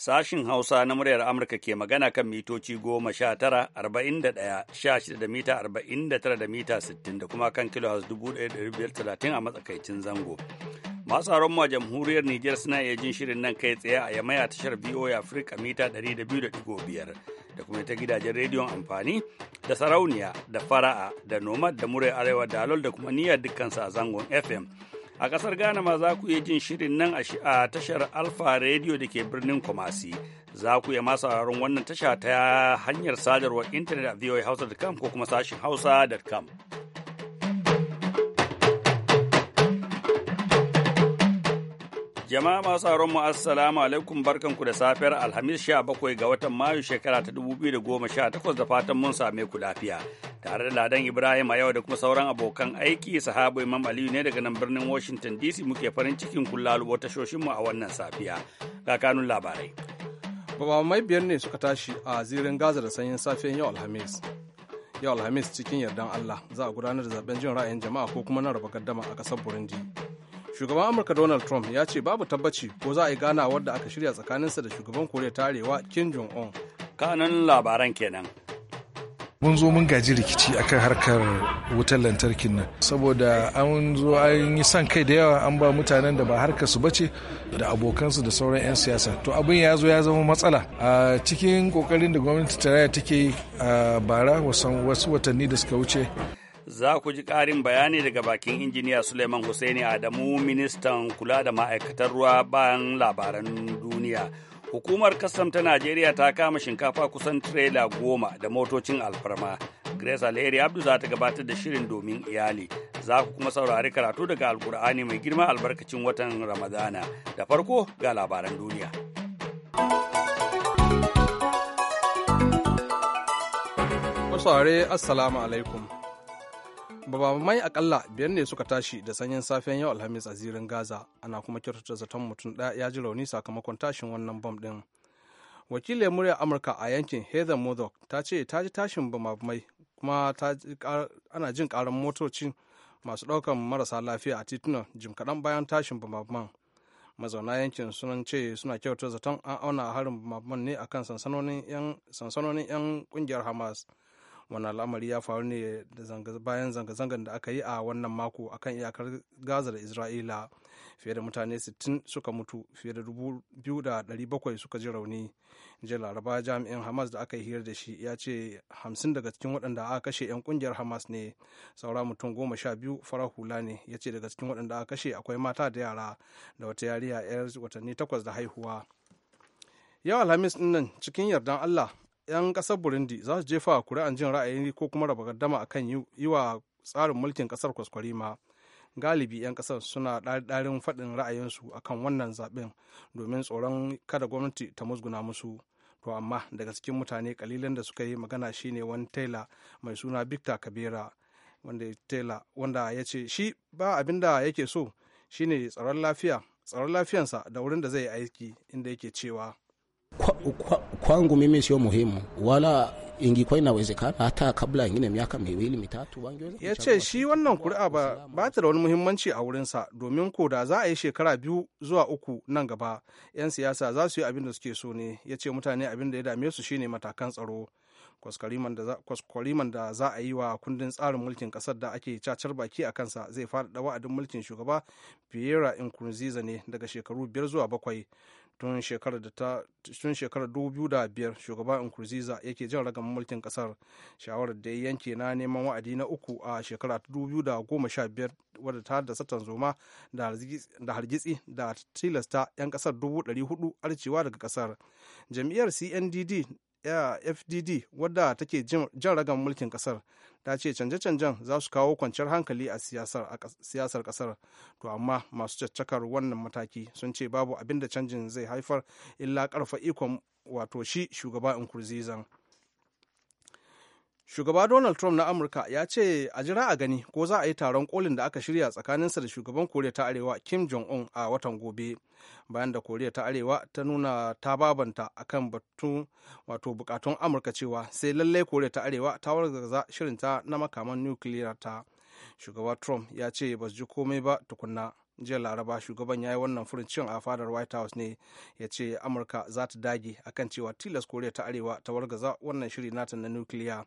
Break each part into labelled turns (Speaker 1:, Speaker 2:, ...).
Speaker 1: Sashin Hausa na muryar Amurka ke magana kan mitoci goma sha tara, arba'in da ɗaya, sha shida da mita arba'in da tara da mita sittin da kuma kan kilo dubu ɗaya da biyar talatin a matsakaicin zango. Masu haron ma jamhuriyar Nijar suna iya jin shirin nan kai tsaye a yamaya tashar VOA Africa mita ɗari da kuma ta gidajen rediyon amfani da sarauniya da fara'a da nomad da muryar arewa da alol da kuma niyyar dukkansa a zangon FM. A ƙasar Ghana ma za ku yi jin shirin nan a tashar Alfa Radio da ke birnin Kumasi. Za ku iya masu sauraron wannan tasha ta hanyar sadarwar intanet a voahausa.com ko kuma sashin hausa.com. Jama'a masu sauran mu assalamu alaikum barkanku da safiyar Alhamis 17 ga watan Mayu shekara ta 2018 da fatan mun same ku lafiya. Tare da Ladan Ibrahim a yau da kuma sauran abokan aiki sahabu Imam Aliyu ne daga nan birnin Washington DC muke farin cikin
Speaker 2: wata tashoshin mu a wannan safiya. Ga kanun labarai. mai biyar ne suka tashi a zirin Gaza da sanyin safiyar yau Alhamis. Yau Alhamis cikin yardan Allah za a gudanar da zaben jin ra'ayin jama'a ko kuma na raba gaddama a ƙasar Burundi. shugaban amurka donald trump ya ce babu tabbaci ko za a yi ganawar wadda aka shirya tsakaninsa da shugaban koriya ta arewa kim jong un kanan labaran kenan
Speaker 3: mun zo mun gaji rikici akan harkar wutar lantarkin nan saboda an zo an yi san kai da yawa an ba mutanen da ba harkar su bace da abokansu da sauran 'yan siyasa to abin ya zo ya zama matsala a cikin kokarin da gwamnati tarayya take a bara wasu watanni da suka wuce
Speaker 1: za ku ji ƙarin bayani daga bakin injiniya Suleiman Hussaini Adamu ministan kula da ma'aikatar ruwa bayan labaran duniya. Hukumar kasam ta Najeriya ta kama shinkafa kusan tirela goma da motocin alfarma. Grace Alheri Abdu za ta gabatar da shirin domin iyali. Za ku kuma saurari karatu daga Alkur'ani mai girma albarkacin watan Ramadana. Da farko ga labaran duniya.
Speaker 2: Sare, Assalamu alaikum. babamai akalla biyar ne suka tashi da sanyin safiyan yau alhamis a zirin gaza ana kuma kyautata zaton mutum ɗaya ya ji rauni sakamakon tashin wannan bom ɗin wakilin muryar amurka a yankin heather murdoch ta ce ta ji tashin babamai kuma ana jin karan motoci masu ɗaukan marasa lafiya a titunan jim kaɗan bayan tashin babamai mazauna yankin sunan ce suna kyautata zaton an auna harin babamai ne akan sansanonin 'yan ƙungiyar hamas wani al'amari ya faru ne bayan zanga-zangar da aka yi a wannan mako akan iyakar gaza da isra'ila fiye da mutane 60 suka mutu fiye da 2,700 suka ji rauni jiya laraba jami'in hamas da aka yi hirar da shi ya ce 50 daga cikin waɗanda aka kashe 'yan kungiyar hamas ne saura mutum goma sha biyu farar hula ne ya ce daga cikin waɗanda aka kashe akwai mata da yara da wata yariya 'yar watanni takwas da haihuwa yau alhamis nan cikin yardan allah 'yan kasar burundi za su jefa kuri'an jin ra'ayi ko kuma raba gardama akan yi wa tsarin mulkin kasar kwaskwarima galibi 'yan kasar suna ɗarin faɗin ra'ayinsu kan wannan zaɓen domin tsoron kada gwamnati ta musguna musu to amma daga cikin mutane kalilan da suka yi magana shine wani taila mai suna victor kabera wanda taila wanda ya ce shi ba abin da yake so shine tsaron lafiya tsaron lafiyansa da wurin da zai aiki inda yake cewa
Speaker 4: Kwa, kwa, kwangu mimi sio muhimu wala ingikuwa inawezekana hata kabla ingine miaka miwili mitatu
Speaker 2: Ya ce shi wannan kuri'a ba ba ta da wani muhimmanci a wurinsa domin ko da za a yi shekara biyu zuwa uku nan gaba 'yan siyasa za su yi abin da suke so ne ya ce mutane abin da ya dame su shine matakan tsaro kwaskwariman da za a yi wa kundin tsarin mulkin kasar da ake cacar baki a kansa zai faɗaɗa wa'adin mulkin shugaba Pierre Nkurunziza ne daga shekaru biyar zuwa bakwai tun shekarar shugaban shugaba nkurunziza yake jan ragaman mulkin kasar shawarar da ya yanke na neman wa'adi na uku a shekara biyar wadda ta haddasa tanzoma da hargitsi da tilasta 'yan kasar dubu hudu arcewa daga kasar jam'iyyar cndd fdd wadda take jin ragan mulkin kasar ta ce canje-canjen za su kawo kwanciyar hankali a siyasar kasar to amma masu caccakar wannan mataki sun ce babu abin da canjin zai haifar illa karfa ikon wato shi shugaba in kurzizan shugaba donald trump na amurka ya ce a jira a gani ko za a yi taron kolin da aka shirya tsakaninsa da shugaban koriya ta arewa kim jong-un a watan gobe bayan da koriya ta arewa ta nuna ta babanta akan batun wato bukatun amurka cewa sai lallai koriya ta arewa ta wargaza shirinta na makaman nukiliyar ta shugaba trump ya ce ba su ji komai ba tukunna jiya laraba shugaban ya yi wannan cin a fadar white house ne ya ce amurka za ta dage akan cewa tilas koriya ta arewa ta wargaza wannan shiri nata na nukiliya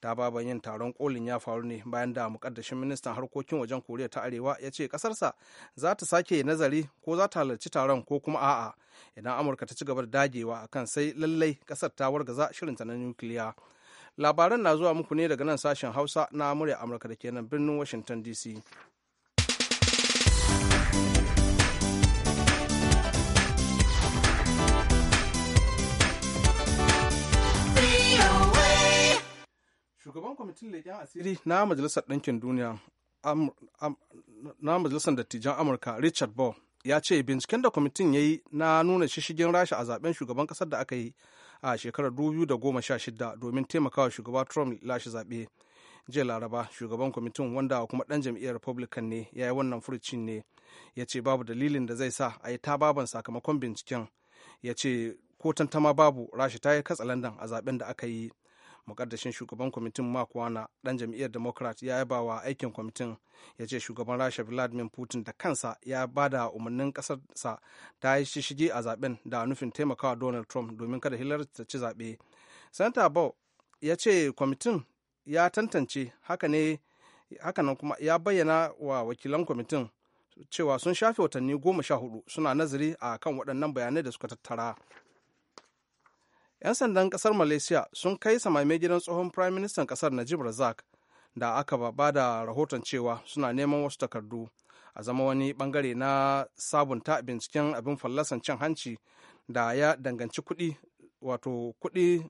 Speaker 2: ta baban yin taron kolin ya faru ne bayan da mukaddashin ministan harkokin wajen koriya ta arewa ya ce kasarsa za ta sake nazari ko za ta halarci taron ko kuma a'a idan amurka ta ci gaba da dagewa akan sai lallai kasar ta wargaza shirinta na nukiliya labaran na zuwa muku ne daga nan sashen hausa na murya amurka da kenan birnin washington dc shugaban kwamitin leƙen asiri na majalisar ɗinkin duniya na majalisar dattijan amurka richard ball ya ce binciken da kwamitin ya yi na nuna shishigin rasha a zaben shugaban ƙasar da aka yi a shekarar 2016 domin taimakawa shugaba trump lashe zaɓe jiya laraba shugaban kwamitin wanda kuma ɗan jam'iyyar republican ne ya yi wannan furucin ne ya ce babu dalilin da zai sa a yi ta baban sakamakon binciken ya ce ko tantama babu rasha ta yi katsalandan a zaben da aka yi mukaddashin shugaban kwamitin mark wana dan jam'iyyar democrat ya yaba wa aikin kwamitin ya ce shugaban rasha vladimir putin da kansa ya ba da umarnin kasarsa ta yi shishigi a zaben da nufin taimakawa donald trump domin kada hilar ta ci zaɓe sanata bau ya ce kwamitin ya tantance haka ne hakanan kuma ya bayyana wa wakilan kwamitin cewa sun shafe watanni goma sha hudu suna nazari a kan waɗannan bayanai da suka tattara 'Yan sandan kasar Malaysia sun kai samame gidan tsohon Prime Minister kasar Najib Razak da aka ba da rahoton cewa suna neman wasu takardu a zama wani bangare na sabunta binciken abin fallasan cin hanci da ya danganci kuɗi wato kuɗi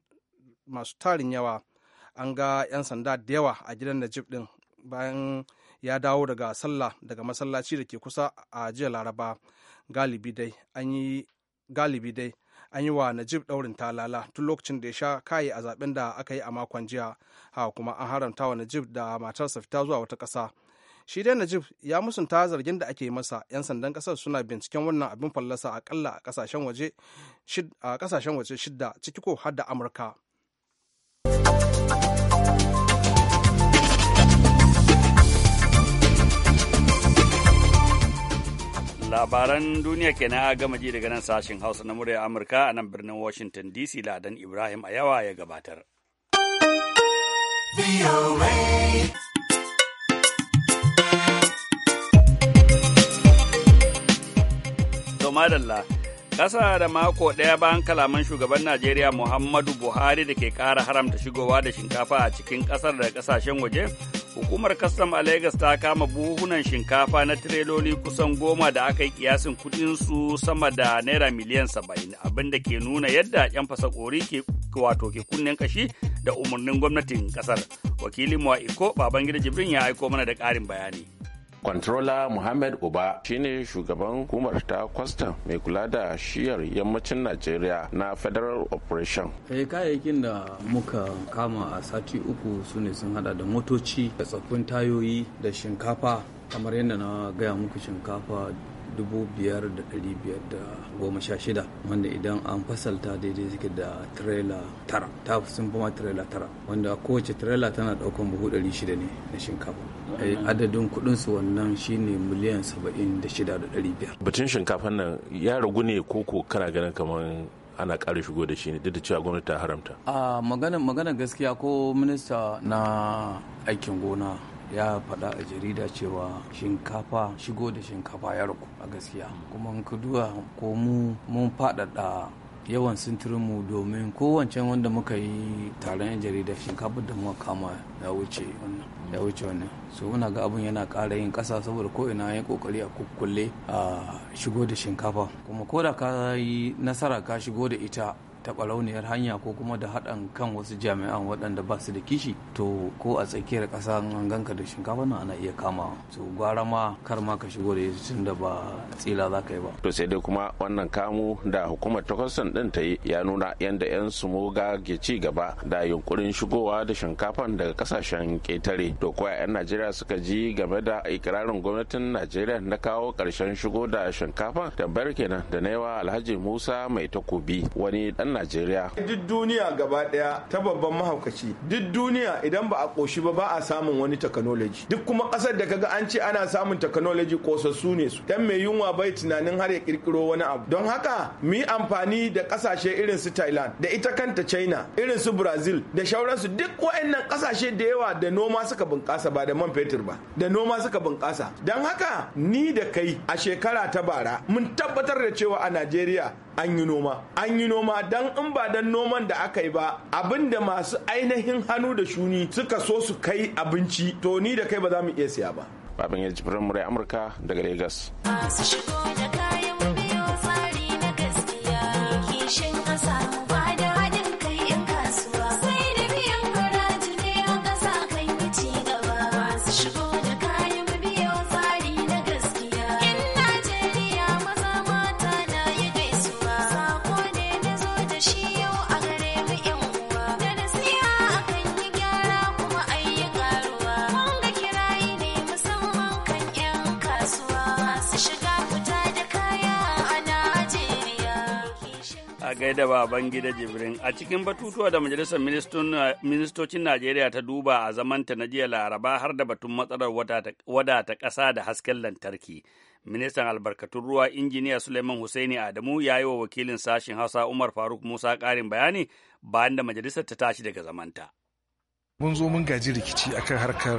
Speaker 2: masu tarin yawa an ga 'yan sanda da yawa a gidan Najib ɗin bayan ya dawo daga sallah daga masallaci da ke kusa a jiya laraba galibi yi galibi dai an yi wa najib daurin talala tun lokacin da ya sha kayi a zaben da aka yi a makon jiya ha kuma an haramta wa najib da matarsa fita zuwa wata ƙasa shi dai najib ya musunta zargin da ake masa yan sandan ƙasar suna binciken wannan abin fallasa akalla a ƙasashen waje shidda ciki ko har da amurka
Speaker 1: labaran duniya ke a gama ji daga nan sashen hausa na murya amurka a nan birnin washington dc ladan ibrahim Ayawa ya gabatar madalla Ƙasa da mako ɗaya bayan kalaman shugaban Najeriya Muhammadu Buhari da ke ƙara haramta shigowa da shinkafa a cikin ƙasar da ƙasashen waje, hukumar kastam a Legas ta kama buhunan shinkafa na tireloli kusan goma da aka yi kiyasin su sama da naira miliyan saba'in abin da ke nuna yadda 'yan fasa ke wato ke kunnen kashi da umarnin gwamnatin ƙasar. Wakilin Iko Babangida Jibrin ya aiko mana da ƙarin bayani.
Speaker 4: Controller Muhammad Uba shine shugaban hukumar ta kwastam mai kula da shiyar yammacin Najeriya na Federal Operation.
Speaker 5: Eh kayayyakin da muka kama a sati uku sune sun hada da motoci da tsaffin tayoyi da shinkafa kamar yadda na gaya muku shinkafa 5,516 wanda idan an fasalta daidai suke da tirela tara ta sun fama tirela tara wanda kowace tirela tana daukan buhu 600 ne na shinkafa eh, adadin kudin su wannan shine miliyan 76,500 batun
Speaker 6: shinkafan nan ya ragu ne koko kana ganin kamar ana ƙara shigo da shi ne duk da cewa gwamnati ta
Speaker 5: haramta ah, a magana gaskiya ko minista na aikin gona ya faɗa a jarida cewa shinkafa shigo da shinkafa ya ruku a gaskiya kuma ka duwa ko mu mun faɗaɗa yawan sintirinmu domin kowancen wanda muka yi taron 'yan jarida shinkafa da muka kama ya wuce wannan ya wuce wannan so muna ga abin yana ƙara yin ƙasa saboda ko ina ya kokari a kukkulle a shigo da shinkafa kuma ko da ka yi nasara ka shigo da ita taɓarauniyar hanya ko kuma da haɗan kan wasu jami'an waɗanda ba su da kishi to ko a tsakiyar ƙasa an ganka da shinkafa na ana iya kama to gwara ma kar ma ka shigo da tun da ba tsila za ka yi ba.
Speaker 4: to sai dai kuma wannan kamu da hukumar ta din ɗin ta yi ya nuna yadda 'yan su moga ke ci gaba da yunkurin shigowa da shinkafan daga kasashen ƙetare to ko 'yan najeriya suka ji game da ikirarin gwamnatin najeriya na kawo ƙarshen shigo da shinkafa da kenan da na yawa alhaji musa mai takobi wani ɗan arewacin najeriya
Speaker 3: duk duniya gaba daya ta babban mahaukaci duk duniya idan ba a koshi ba ba a samun wani technology duk kuma ƙasar da kaga an ce ana samun technology kosassu ne su dan mai yunwa bai tunanin har ya kirkiro wani abu don haka mu yi amfani da kasashe irin su thailand da ita kanta china irin su brazil da shauransu duk waɗannan kasashe da yawa da noma suka bunƙasa ba da man fetur ba da noma suka bunƙasa don haka ni da kai a shekara ta bara mun tabbatar da cewa a najeriya an yi noma an yi noma don dan in ba dan noman da aka yi ba abin da masu ainihin hannu da shuni suka so su kai abinci to ni da kai ba za mu iya siya ba
Speaker 4: babin ya ji murai amurka daga lagos
Speaker 5: masu shigo da
Speaker 1: gaida da baban gida jibrin a cikin batutuwa da majalisar ministocin najeriya ta duba a zamanta na jiya laraba har da batun matsalar wadata ƙasa da hasken lantarki ministan albarkatun ruwa injiniya suleiman hussaini adamu ya yi wa wakilin sashen hausa umar faruk musa ƙarin bayani bayan da majalisar ta tashi daga zamanta
Speaker 3: mun zo mun gaji rikici akan harkar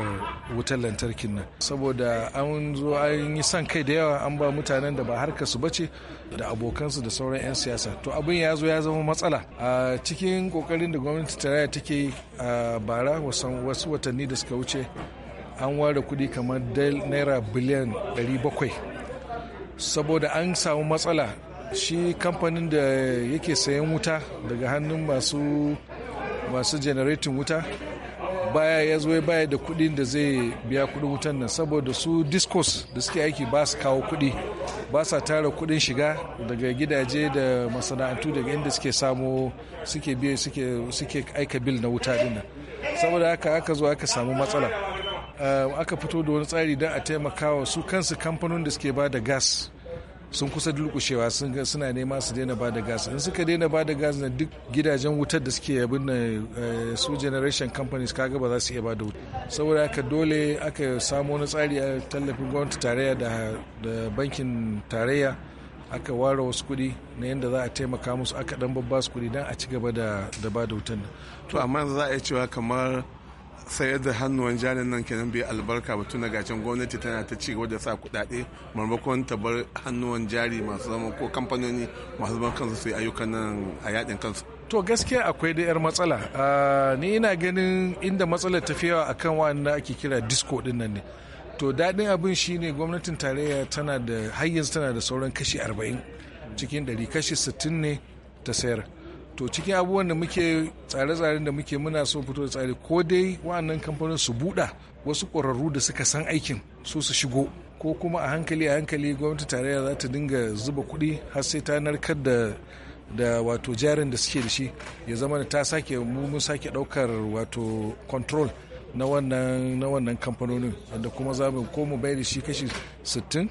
Speaker 3: wutar lantarkin nan saboda an zo an yi son kai da yawa an ba mutanen da ba harkar su bace da abokansu da sauran 'yan siyasa to abin ya zo ya zama matsala a cikin kokarin da gwamnati ta raya take a bara wasu watanni da suka wuce an ware kudi kamar naira biliyan 700 saboda an samu matsala shi kamfanin da yake sayan wuta daga hannun masu masu generating wuta baya ya zo baya da kuɗin da zai biya kuɗin wutan nan saboda su discos da suke aiki ba su kawo kuɗi ba sa tara kuɗin shiga daga gidaje da masana'antu daga inda suke samo suke biye suke aika bil na wuta din nan saboda haka aka zo aka samu matsala eh, aka fito da wani tsari don a taimaka wa su kansu kamfanin da suke ba da gas sun kusa dulkushewa suna nema su daina ba da gas in suka daina ba da gas na duk gidajen wutar da suke yabin na eh, su generation companies kaga ba za su iya ba da wuta saboda haka dole aka samu wani tsari a tallafin gwamnati tarayya da bankin tarayya aka ware wasu kuɗi na yadda za a taimaka musu aka dan babba su kuɗi don a ci gaba da ba da wutan to amma za a iya cewa kamar sayar da hannuwan jarin nan kenan bai albarka ba tuna gacin gwamnati tana ta ci da sa kudade maimakon ta bar hannuwan jari masu zama ko kamfanoni masu zaman kansu su yi ayyukan nan a yadin kansu to gaskiya akwai da yar matsala ah, ni ina ganin inda matsalar tafiya akan wanda ake kira disco din nan ne to daɗin abin shine gwamnatin tarayya tana da hayyanzu tana da sauran kashi 40 cikin 100 kashi 60 ne ta sayar to cikin abubuwan da muke tsare-tsaren da muke muna so fito da tsare ko dai wa'annan kamfanin su buɗa wasu ƙwararru da suka san aikin su su shigo ko kuma a hankali a hankali gwamnati tarayya za ta dinga zuba kuɗi har sai ta narkar da da wato jarin da suke da shi ya zama da ta sake mu mun sake ɗaukar wato control na wannan kamfanonin wanda kuma za mu ko mu bayar da shi kashi 60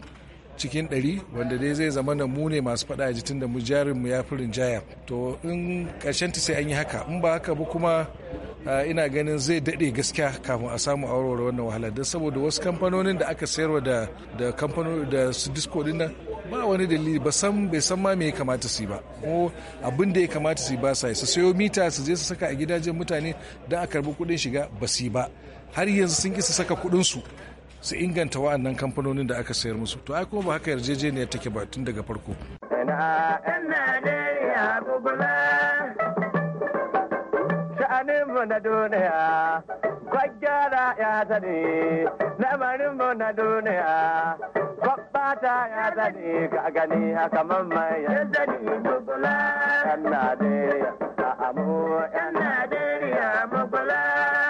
Speaker 3: cikin ɗari wanda dai zai zama na mu ne masu faɗa a jitin da mu jarin mu ya fi rinjaya to in ƙarshen sai an yi haka in ba haka ba kuma ina ganin zai daɗe gaskiya kafin a samu aurora wannan wahala don saboda wasu kamfanonin da aka sayarwa da da kamfanonin da su disco din nan ba wani dalili ba san bai san ma me ya kamata su yi ba ko abin da ya kamata su yi ba sai su sayo mita su je su saka a gidajen mutane don a karbi kuɗin shiga ba su yi ba har yanzu sun ki su saka kuɗin su su inganta wa'annan kamfanonin da aka sayar musu to ai kuma ba haka yarjejeniyar take ba tun daga farko
Speaker 1: sha'aninmu na duniya kwaggara ya zane lamarinmu na duniya kwabbata ya zane ga gani haka mamman ya zane mugula yan najeriya a amu yan najeriya mugula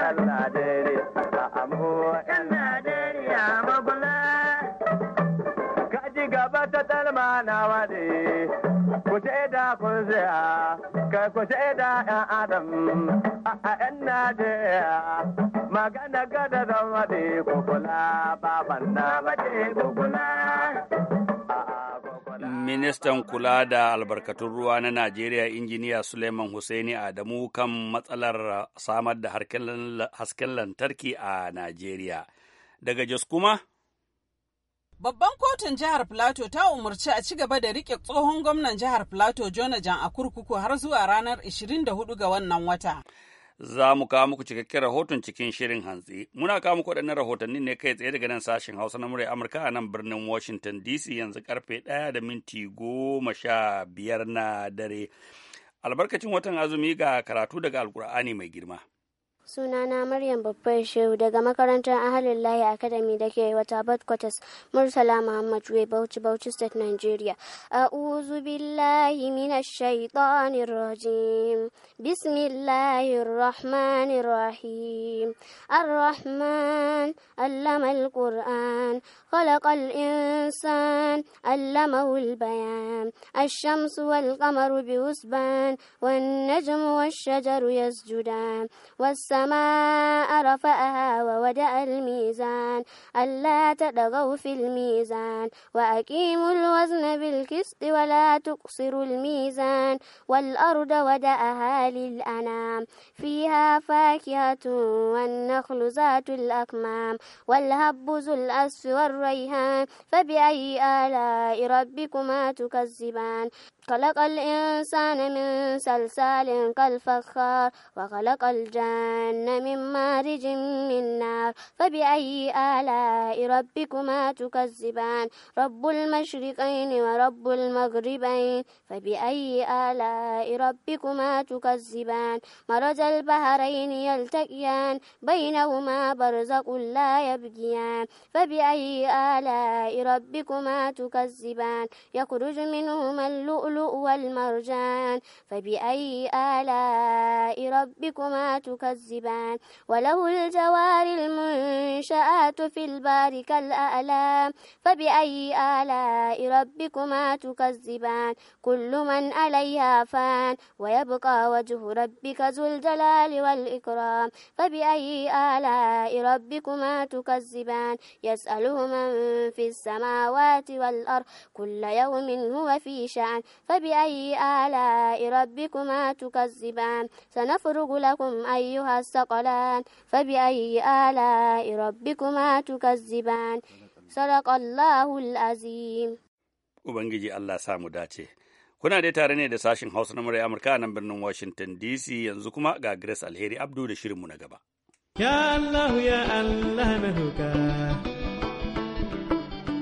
Speaker 1: yan najeriya ku shaida kun siya kai ku shaida yan adam a yan najeriya magana gada zan wade
Speaker 4: kukula baban na mace kukula
Speaker 1: Ministan kula da albarkatun ruwa na Najeriya injiniya Suleiman Hussaini Adamu kan matsalar samar da hasken lantarki a Najeriya. Daga Jos kuma
Speaker 7: Babban kotun jihar Filato ta umarci a ci gaba da rike tsohon gwamnan jihar Filato Jonajan a kurkuku har zuwa ranar 24 ga wannan wata.
Speaker 1: Za mu kawo muku cikakken rahoton cikin shirin hantsi. Muna kawo muku waɗannan rahotanni ne kai tsaye daga nan sashen Hausa na murai Amurka a nan birnin Washington DC yanzu karfe ɗaya da minti goma sha biyar na dare. Albarkacin watan azumi ga karatu daga Alkur'ani mai girma.
Speaker 8: sunana maryam babbar shehu daga makarantar ahalin layi academy da ke wata quarters murtala muhammad we bauchi bauchi state nigeria a'udhu billahi minash shaitanir rajim bismillahir rahmanir rahim ar-rahman allama al-qur'an khalaqa al-insan allamahu al-bayan ash-shams wal-qamaru bi husban wan-najmu wash-shajaru yasjudan was السماء رفعها ووجع الميزان ألا تدغوا في الميزان وأقيموا الوزن بالقسط ولا تقصروا الميزان والأرض ودأها للأنام فيها فاكهة والنخل ذات الأكمام والهب ذو الأسف والريحان فبأي آلاء ربكما تكذبان خلق الإنسان من سلسال كالفخار وخلق الجن من مارج من نار فبأي آلاء ربكما تكذبان رب المشرقين ورب المغربين فبأي آلاء ربكما تكذبان مرج البحرين يلتقيان بينهما برزق لا يبغيان فبأي آلاء ربكما تكذبان يخرج منهما اللؤلؤ واللؤلؤ والمرجان فبأي آلاء ربكما تكذبان وله الجوار المنشآت في البار كالأعلام فبأي آلاء ربكما تكذبان كل من عليها فان ويبقى وجه ربك ذو الجلال والإكرام فبأي آلاء ربكما تكذبان يسأله من في السماوات والأرض كل يوم هو في شأن فبأي آلاء ربكما تكذبان سنفرغ لكم أيها الثقلان فبأي آلاء ربكما تكذبان صدق الله العظيم
Speaker 1: Ubangiji Allah samu dace. Kuna dai tare ne da sashin Hausa na murai Amurka nan birnin Washington DC yanzu kuma ga Grace Alheri Abdu da shirinmu na gaba.
Speaker 8: Ya Allah ya Allah na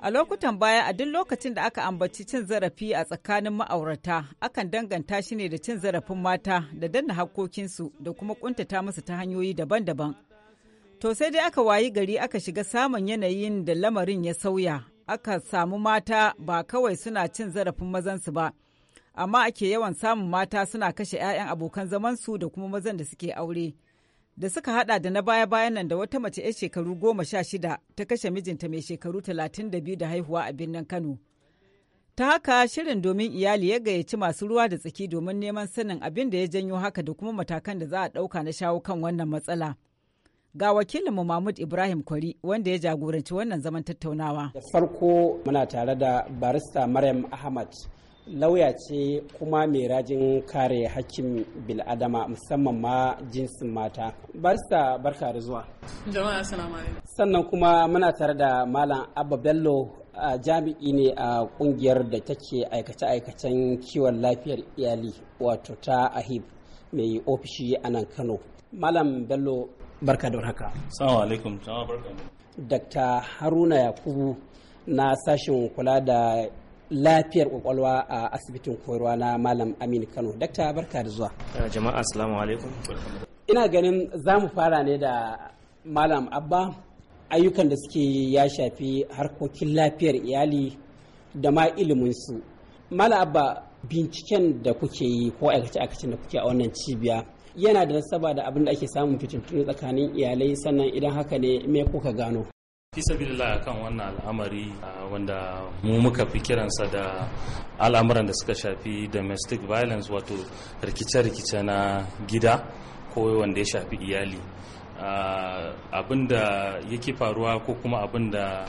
Speaker 7: A lokutan baya a duk lokacin da aka ambaci cin zarafi a tsakanin ma'aurata akan danganta shi ne da cin zarafin mata da danna hakkokinsu da kuma kuntata musu ta hanyoyi daban-daban. To sai dai aka wayi gari aka shiga samun yanayin da lamarin ya sauya aka samu mata ba kawai suna cin zarafin mazansu ba, amma ake yawan samun mata suna kashe 'ya'yan abokan zamansu da kuma mazan da suke aure. da suka hada da na baya-bayan nan da wata mace 'yar shekaru goma sha shida ta kashe mijinta mai shekaru talatin da biyu da haihuwa a birnin Kano. Ta haka shirin domin iyali ya gayyaci masu ruwa da tsaki domin neman sanin abin da ya janyo haka da kuma matakan da za a ɗauka na shawo kan wannan matsala. Ga wakilinmu Mahmud Ibrahim Kwari wanda ya jagoranci wannan zaman tattaunawa. Da
Speaker 4: farko muna tare da barista Maryam Ahmad lauya ce kuma mai rajin kare hakkin bil'adama musamman ma jinsin mata barista barka da zuwa
Speaker 9: jama'a ne.
Speaker 4: sannan kuma muna tare da malam abba bello a jami'i ne a kungiyar da take aikace-aikacen kiwon lafiyar iyali wato ta ahib mai ofishi a nan kano malam bello barka da warhaka salamu
Speaker 6: alaikum barka
Speaker 4: dr haruna yakubu na sashen kula da lafiyar kwakwalwa a asibitin koyarwa na malam aminu kano dakta barka da zuwa
Speaker 6: eh, jama'a assalamu alaikum
Speaker 4: ina ganin za mu fara ne da malam abba ayyukan da suke ya shafi harkokin lafiyar iyali da ma iliminsu malam abba binciken da kuke yi ko aikace-aikacen da kuke a wannan cibiya yana da nasaba da abin da ake samun fitintunu tsakanin iyalai sannan idan haka ne me kuka gano
Speaker 6: fi sabilillah akan wannan al'amari wanda mu muka fi kiransa da al'amuran da suka shafi domestic violence wato rikice-rikice na gida ko wanda ya shafi iyali abin yake faruwa ko kuma abin da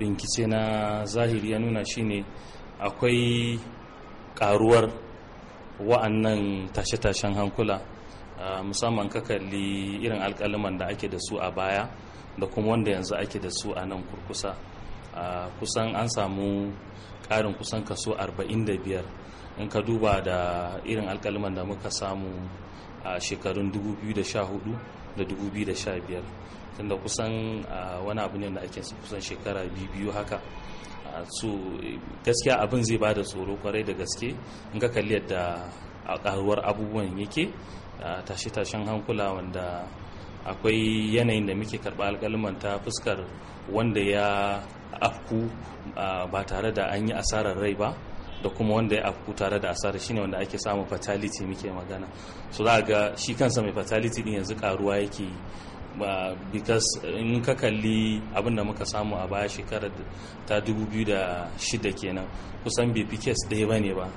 Speaker 6: bincike na zahiri ya nuna shine akwai karuwar wa'annan tashe-tashen hankula musamman kakalli irin alkaliman da ake da su a baya da kuma wanda yanzu ake da su a nan kurkusa kusan an samu ƙarin kusan kaso 45 in ka duba da irin alkaliman da muka samu a shekarun 2014 da 2015 tunda kusan wani abu ne da ake kusan shekara biyu haka so gaskiya abin zai ba da tsoro kwarai da gaske in ka kalli yadda a karuwar abubuwan yake tashe-tashen hankula wanda akwai yanayin da muke karba alƙalman ta fuskar wanda ya afku ba tare da an yi asarar rai ba da kuma wanda ya afku tare da asarar shine wanda ake samu fatality muke magana so za ga shi kansa mai fatality din yanzu karuwa yake yi ba because in ka kalli da muka samu a baya shekarar ta 2006 kenan kusan bp case ɗaya ba ne ba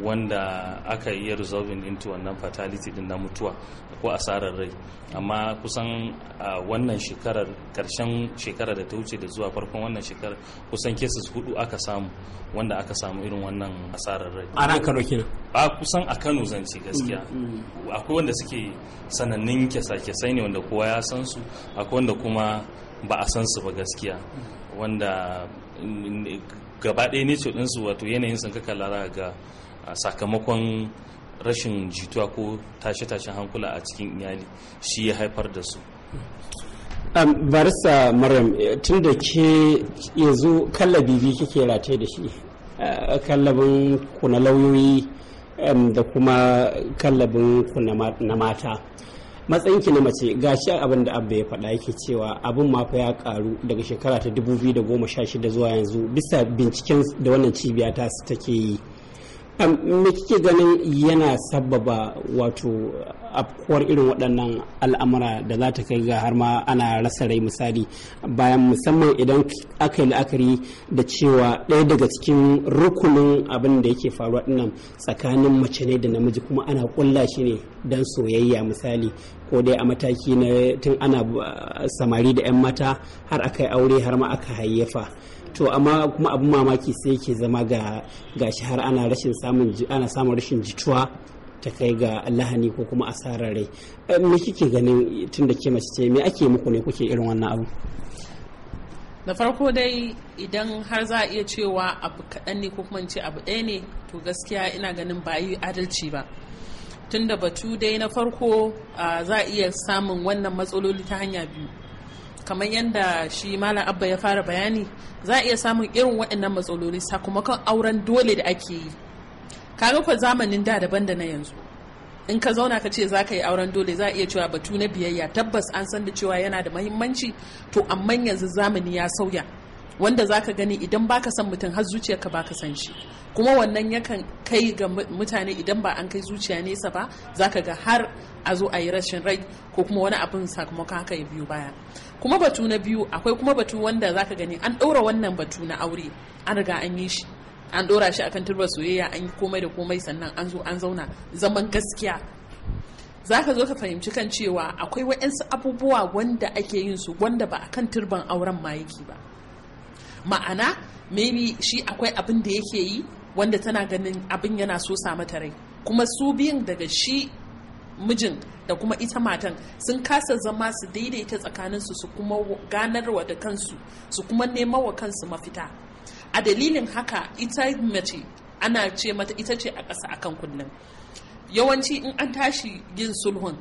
Speaker 6: wanda aka yi resolving into wannan fatality din na mutuwa ko asarar rai amma kusan a wannan shekarar karshen shekarar da ta wuce da zuwa farkon wannan shekarar kusan cases hudu aka samu wanda aka samu irin wannan asarar rai a nan kano kenan ba kusan a kano zance gaskiya mm, mm. akwai wanda suke sanannun kyasa-kyasai ne wanda kowa ya san su akwai wanda kuma ba a san su ba gaskiya wanda gaba ɗaya ne ɗinsu wato yanayin sun kaka ga a sakamakon rashin jituwa ko tashe-tashen hankula a cikin iyali shi ya haifar da su
Speaker 4: um, barista maryam eh, tun da ke yanzu kallabi biyu kike rataye da shi eh, kallabin ku na lauyoyi da kuma kallabin ku na mata ki na mace shi abin da abba ya faɗa yake cewa abin mafa ya karu daga shekara ta 2016 zuwa yanzu bisa binciken da wannan cibiya ta take yi me kike ganin yana sababa wato afkuwar irin waɗannan al'amura da za ta kai ga har ma ana rasa rai misali bayan musamman idan aka yi la'akari da cewa ɗaya daga cikin rukunin abin da yake faruwa dinnan tsakanin mace ne da namiji kuma ana ƙulla shi ne dan soyayya misali ko dai a mataki na tun ana uh, samari da 'yan mata har aka yi aure har ma aka hayyafa to amma kuma abin mamaki sai yake zama ga gashi har ana rashin samun ana samun rashin jituwa ta kai ga lahani ko kuma asarar rai eh, me kike ganin tun da ke mace ce me ake muku ne kuke irin wannan abu
Speaker 9: na farko dai idan har za a iya cewa abu kaɗan ne ko kuma ce abu ɗaya ne to gaskiya ina ganin ba yi adalci ba tun da batu dai na farko za a iya samun wannan matsaloli ta hanya biyu kamar yadda shi malam abba ya fara bayani za a iya samun irin waɗannan matsaloli sakamakon auren dole da ake yi kaga kwa zamanin da daban da na yanzu in ka zauna ka ce za ka yi auren dole za a iya cewa batu na biyayya tabbas an san da cewa yana da mahimmanci to amma yanzu zamani ya sauya wanda za ka gani idan baka san mutum har zuciyarka baka san shi kuma wannan yakan kai ga mutane idan ba an kai zuciya nesa ba zaka ga har a zo a yi rashin rai ko kuma wani abin sakamakon haka ya biyu baya kuma batu na biyu akwai kuma batu wanda za ka gani an ɗora wannan batu na aure an riga an yi shi an ɗora shi akan turbar soyayya an yi komai da komai sannan an zo an zauna zaman gaskiya za ka zo ka fahimci kan cewa akwai waɗansu abubuwa wanda ake yin su wanda ba a kan turban auren ma yake ba ma'ana maybe shi akwai abin da yake yi wanda tana ganin abin yana so samu mata rai kuma su biyun daga shi mijin da kuma ita matan sun kasa zama su daidaita tsakaninsu su kuma ganarwa da kansu su kuma nema wa kansu mafita a dalilin haka ita mace ana ce mata ita ce a ƙasa akan kullum yawanci in an tashi yin sulhun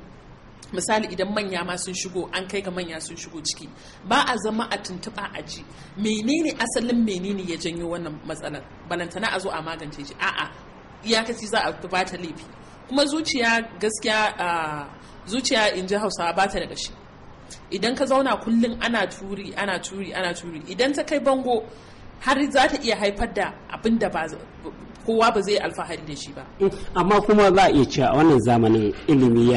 Speaker 9: misali idan manya ma sun shigo an kai ga manya sun shigo ciki ba a zama a tuntuɓa a ji menene asalin menene ya janyo wannan matsalar balantana a zo a magance shi a'a kasi za a bata laifi kuma zuciya gaskiya zuciya in ji hausawa ba ta da gashi idan ka zauna kullum ana turi ana turi ana turi idan ta kai bango har za ta iya haifar da abin da kowa ba zai alfahari da shi ba
Speaker 4: eh, amma kuma za a iya cewa wannan zamanin ilimi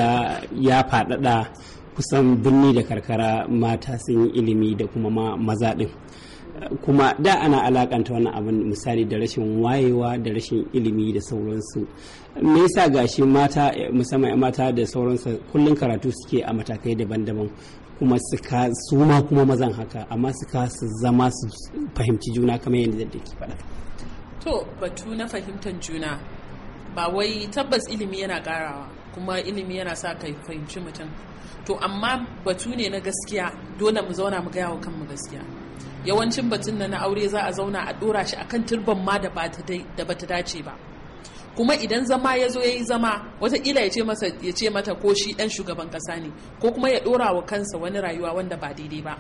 Speaker 4: ya faɗaɗa kusan birni da karkara mata sun yi ilimi da kuma maza ɗin kuma da ana alakanta wannan abin misali da rashin wayewa da rashin ilimi da sauransu me yasa gashi mata musamman mata da sauransu kullum karatu suke a matakai daban-daban kuma su ma kuma mazan haka amma su su zama su fahimci juna kamar yadda da ke faɗa
Speaker 9: To batu na fahimtar juna ba wai tabbas ilimi yana karawa kuma ilimi yana sa ka fahimci mutum. To amma batu ne na gaskiya dole mu zauna mu gaya wa kanmu gaskiya. Yawancin batun na na aure za a zauna a dora shi akan turban ma da ba ta dace ba. kuma idan zama ya zo ya yi zama watakila ya ce mata ko shi ɗan shugaban ƙasa ne ko kuma ya ɗora wa kansa wani rayuwa wanda ba daidai ba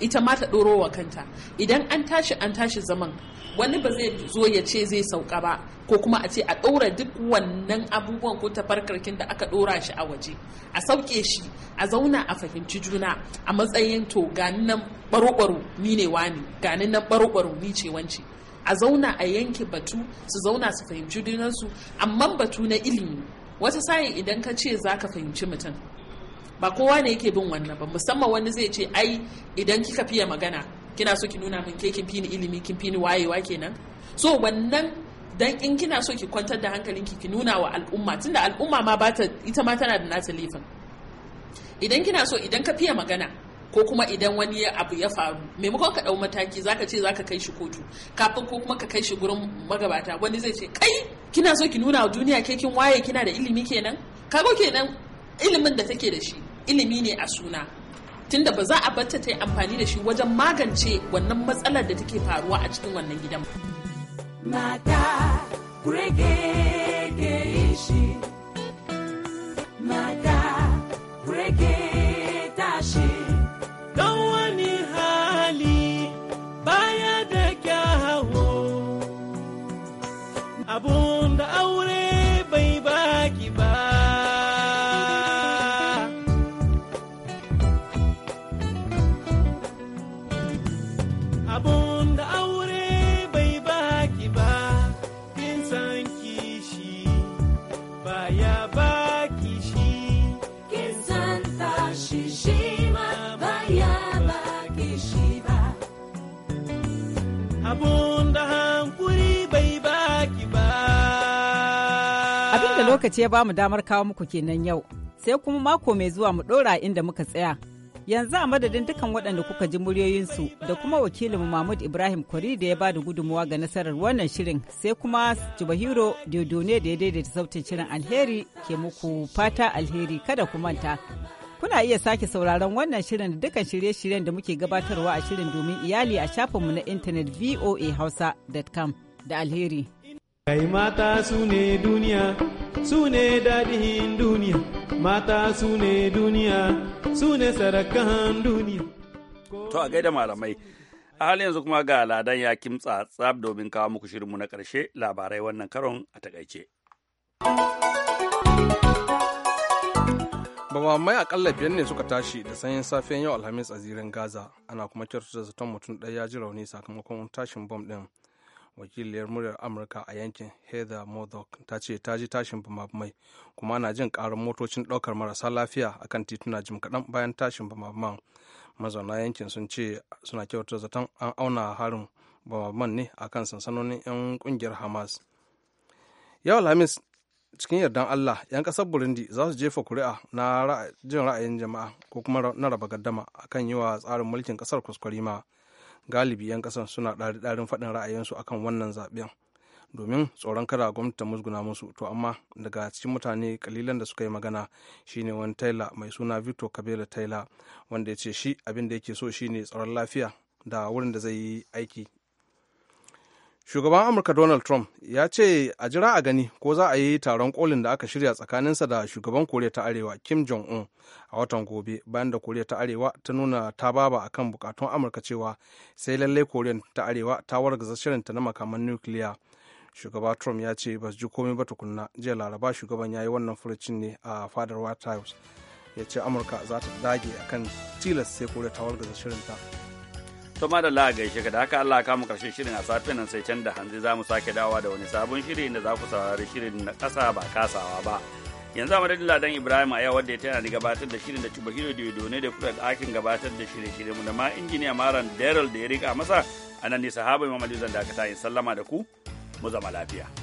Speaker 9: ita ma ta ɗoro wa kanta idan an tashi an tashi zaman wani ba zai zo ya ce zai sauka ba ko kuma a ce a ɗora duk wannan abubuwan ko tafarkarkin da aka ɗora shi a waje a sauke shi a zauna a fahimci juna a matsayin to ganin nan baro-baro ni ne wani ganin nan baro-baro ni ce wance a zauna a yanke batu su zauna su fahimci junansu amma batu na ilimi wata sa'in idan ka ce za ka fahimci mutum ba kowa ne yake bin wannan ba musamman wani zai ce ai idan kika fiye magana kina so ki nuna min ke kin fini ilimi kin fini wayewa kenan so wannan dan in kina so ki kwantar da hankalinki ki nuna wa al'umma tunda al'umma ma ba ta ita ma tana da nata lifin idan kina so idan ka fiye magana ko kuma idan wani abu ya faru maimakon ka dau mataki zaka ce zaka kai shi kotu kafin ko kuma ka kai shi gurin magabata wani zai ce kai kina so ki nuna wa duniya ke kin waye kina da ilimi kenan kago kenan ilimin da take da shi ilimi ne a suna tunda ba za a barta ta yi amfani da shi wajen magance wannan matsalar da take faruwa a cikin wannan gidan mata kurege ke shi
Speaker 4: lokaci
Speaker 7: ya bamu damar kawo muku kenan yau. Sai kuma mako mai zuwa mu ɗora inda muka tsaya. Yanzu a madadin dukan waɗanda kuka ji muryoyinsu da kuma wakilinmu Mahmud Ibrahim Kwari da ya ba da gudunmawa ga nasarar wannan shirin sai kuma Jubahiro Diodone da ya daidaita sautin shirin alheri ke muku fata alheri kada ku manta. Kuna iya sake sauraron wannan shirin da dukkan shirye-shiryen da muke gabatarwa a shirin domin iyali a shafinmu na intanet voahausa.com da alheri.
Speaker 5: Kai mata su ne duniya, su ne daɗin duniya, mata su ne duniya, su ne sarakan duniya.
Speaker 1: To a gaida malamai, a halin yanzu kuma ga ladan ya kimtsa tsab domin kawo muku shirinmu na ƙarshe labarai wannan karon a takaice.
Speaker 2: Bamamai akalla biyan ne suka tashi da sanyin safiyan yau Alhamis a zirin Gaza, ana kuma da zaton mutum ɗaya ya ji rauni sakamakon tashin bom ɗin. wakiliyar muryar amurka a yankin heather murdoch ta ce ta ji tashin bamabamai kuma ana jin karar motocin ɗaukar marasa lafiya akan tituna jim kaɗan bayan tashin bamabaman mazauna yankin sun ce suna kyautar zaton an auna harin bamabaman ne a kan sansanonin 'yan ƙungiyar hamas yau lamis cikin yardan Allah 'yan kasar Burundi za su jefa kuri'a na jin ra'ayin jama'a ko kuma na raba gaddama akan yi wa tsarin mulkin kasar ma galibi 'yan kasan suna ɗari-ɗarin faɗin ra'ayinsu akan wannan zaɓen domin tsoron kada gwamnati ta musguna musu to amma daga cikin mutane kalilan da suka yi magana shine wani taila mai suna victor kabila taila wanda ya ce shi abin da yake so shine tsaron lafiya da wurin da zai yi aiki shugaban amurka donald trump ya ce a jira a gani ko za a yi taron kolin da aka shirya tsakaninsa da shugaban koriya ta arewa kim jong-un a watan gobe bayan da koriya ta arewa ta nuna ta baba a kan bukatun amurka cewa sai lallai koriya ta arewa ta wargaza shirinta na makaman nukiliya shugaba trump ya ce ba ji komai ba tukunna jiya laraba shugaban ya yi wannan furucin ne a fadar white house ya ce amurka za ta dage akan tilas sai koriya ta wargaza shirinta
Speaker 1: to ma da la gaishe ka da haka Allah ka mu karshen shirin a safiyar nan sai can da hanzi za mu sake dawa da wani sabon shiri da za ku saurari shirin na ƙasa ba kasawa ba yanzu a madadin ladan ibrahim a yau wadda ya tana da gabatar da shirin da cuba hiro da ne da kula da gabatar da shirin shirin mu da ma injiniya maran daryl da ya rika masa a nan ne sahaba imam zan dakata in sallama da ku mu zama lafiya.